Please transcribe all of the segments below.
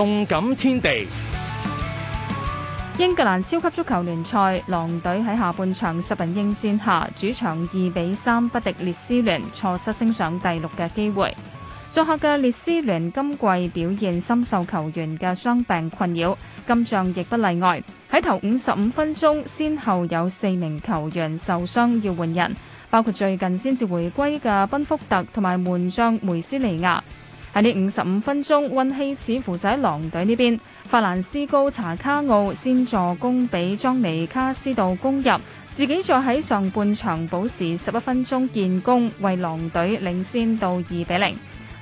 動感天地。英格蘭超級足球聯賽，狼隊喺下半場十人應戰下，主場二比三不敵列斯聯，錯失升上第六嘅機會。作客嘅列斯聯今季表現深受球員嘅傷病困擾，今仗亦不例外。喺頭五十五分鐘，先後有四名球員受傷要換人，包括最近先至回歸嘅賓福特同埋門將梅斯利亞。喺呢五十五分鐘，運氣似乎就喺狼隊呢邊，法蘭斯高查卡奧先助攻俾莊尼卡斯度攻入，自己再喺上半場補時十一分鐘建功，為狼隊領先到二比零。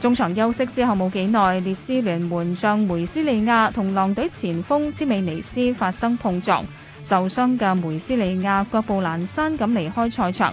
中場休息之後冇幾耐，列斯聯門將梅斯利亞同狼隊前鋒占美尼斯發生碰撞，受傷嘅梅斯利亞腳步蹣跚咁離開賽場。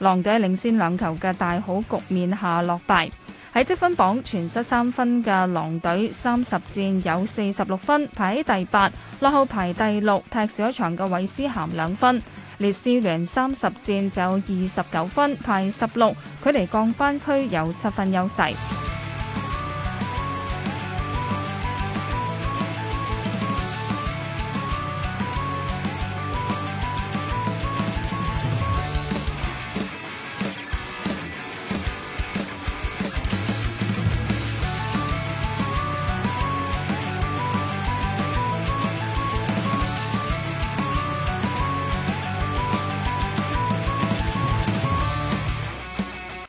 狼隊領先兩球嘅大好局面下落敗，喺積分榜全失三分嘅狼隊三十戰有四十六分，排喺第八，落後排第六踢少一場嘅韋斯咸兩分。列斯聯三十戰就二十九分，排十六，距離降班區有七分優勢。